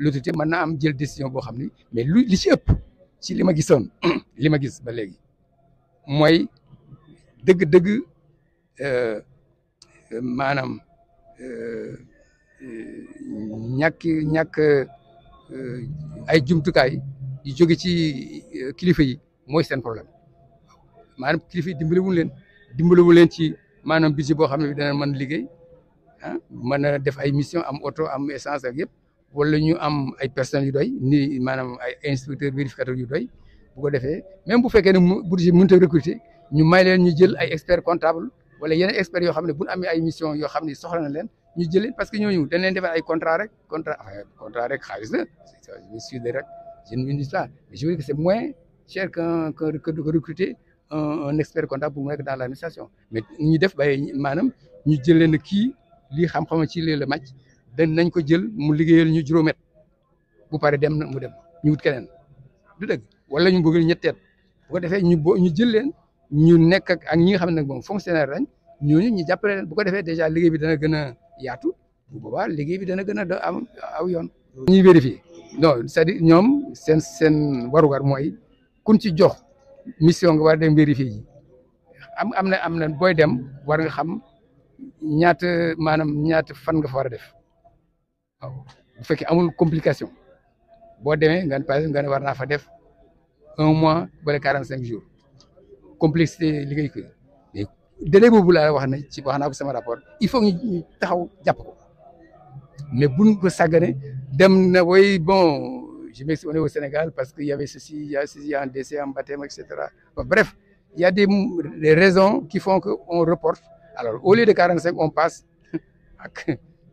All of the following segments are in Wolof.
l'autorité mën manam am jël décision bo xamni mais lu li ci ëpp ci li ma gisoon li ma gis ba deug euh manam euh, euh ñak ñak euh ay jumtukaay yu joggé ci euh, kilifa yi moy sen problème maanaam kilifa yi dimbaliwul leen dimbaliwul leen ci manam budget bo xamni ne bi dana mën liggéey ah def ay mission am auto am essence ak yépp wala ñu am ay personnel yu doy ni manam ay inspecteur vérificateur yu doy bu ko defee même bu féké ne budget mënut a recruter ñu may leen ñu jël ay expert comptable wala yeneen expert yo xamné bu ñu amé ay mission yo xamné soxla na leen ñu jël leen parce que ñoñu dañ leen defal ay contrat rek contrat ah, contrat rek xaalis la je suis de rek je ne dis pas mais je veux que c'est moins cher qu'un que de recruter un expert comptable pour mu nekk dans l'administration mais ñi def bay manam ñu jël leen ki li xam-xam ci lii la màcc dañ nañ ko jël mu liggéeyal ñu juróomet bu pare dem na mu dem ñu wut keneen wala ñu bëgg ñetteet bu ko defee ñu bo ñu jël leen ñu nekk ak ñi nga xam ne moom fonctionnaire lañ ñooñu ñu jàppale leen bu ko defee déjà liggéey bi dana gën a yaatu bu boobaa liggéey bi dana gën a am aw yoon. ñuy vérifier non cest à ñoom seen seen warugar mooy kun ci jox mission nga war dem vérifier ji am am na am na booy dem war nga xam ñaata maanaam ñaata fan nga fa war a def. Il y a complication Si demain, par exemple un mois ou 45 45 jours complexité liggéey que mais si vous voulez wax un, ci rapport il faut que taxaw vous ko mais buñ ko sàggane dem na way bon je m'exprime au Sénégal parce qu'il y avait ceci il y a ceci il y a un décès un baptême etc. bref il y a des raisons qui font qu'on reporte alors au lieu de 45, on passe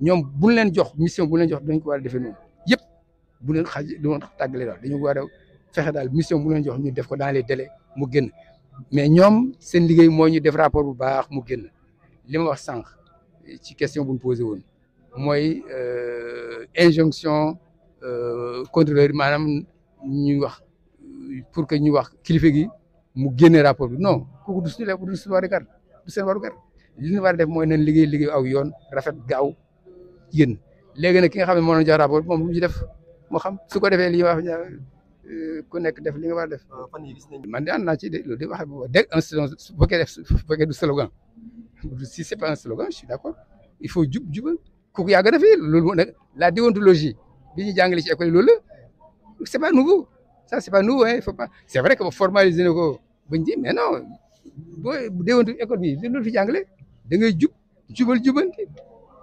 ñom buñ leen jox mission buñ leen jox dañ ko war a defee yépp buñ bu leen xaj du doon tàggale daal dañu war a fexe daal mission buñ leen jox ñu def ko dans les délais mu génn mais ñom seen liggéey moo ñu def rapport bu baax mu génn lima wax sank ci question buñ posé won moy euh injonction euh contrôleur manam ñuy wax pour que ñu wax kilifa gi mu génne rapport bi non koku du suñu la du suñu warugar du seen warugar li ñu war def moy nañ liggéey liggéey aw yoon rafet gaaw jigéen léegi nag ki nga xam ne moo jara jox rapport moom lu mu ci def moo xam su ko defee lii wax euh, ku nekk def li nga war a def. Ah, fan yii gis nañu man de ànd naa ci de loolu de wax dëgg un slogan su fekkee def su fekkee du slogan si c'est pas un slogan je suis d'accord il faut jub jubal kooku yàgg na fi loolu moo nag la déontologie bi ñu jàngale ci école loolu la c'est pas nouveau ça c'est pas nouveau hein il faut pas c'est vrai que ba formaliser na ko bañ ji mais non boo déwéntu école bi loolu fi jàngale da ngay jub jubal jubanti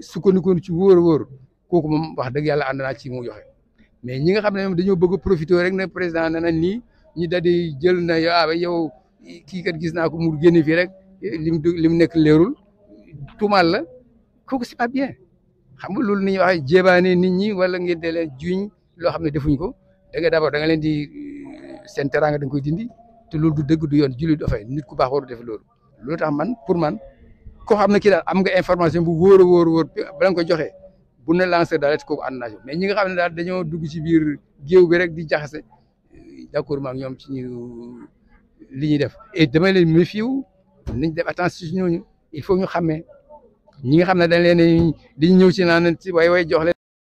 sukkandikoon ci wóor woor kooku moom wax dëgg yàlla ànd naa ci mu joxe mais ñi nga xam ne moom dañoo bëgg profité rek na président na nii ñu da di jël na yow ah yow kii kat gis naa ko mu génn fii rek lim lim nekk leerul tuumaal la kooku c'est pas bien xam nga loolu ni ñuy waxee jébaane nit ñi wala ngeen di leen juñ loo xam ne defuñ ko da nga d'abord da nga leen di euh, seen teraanga da koy dindi te loolu du dëgg du yoon jullit dafay nit ku baax def loolu loolu tax man pour man koo xam na kii daal am nga information bu wóor a wóor wóor bala ko joxe bu ne lanceur d'alerte ko ànd naa mais ñi nga xam ne daal dañoo dugg ci biir géew bi rek di jaxase euh, d'accord ma ak ñoom ci ñu li ñuy def et damay leen méfier wu nañ def attention ci ñooñu il faut ñu xàmmee ñi nga xam ne dañ leen di ñëw ci naan ci way way jox leen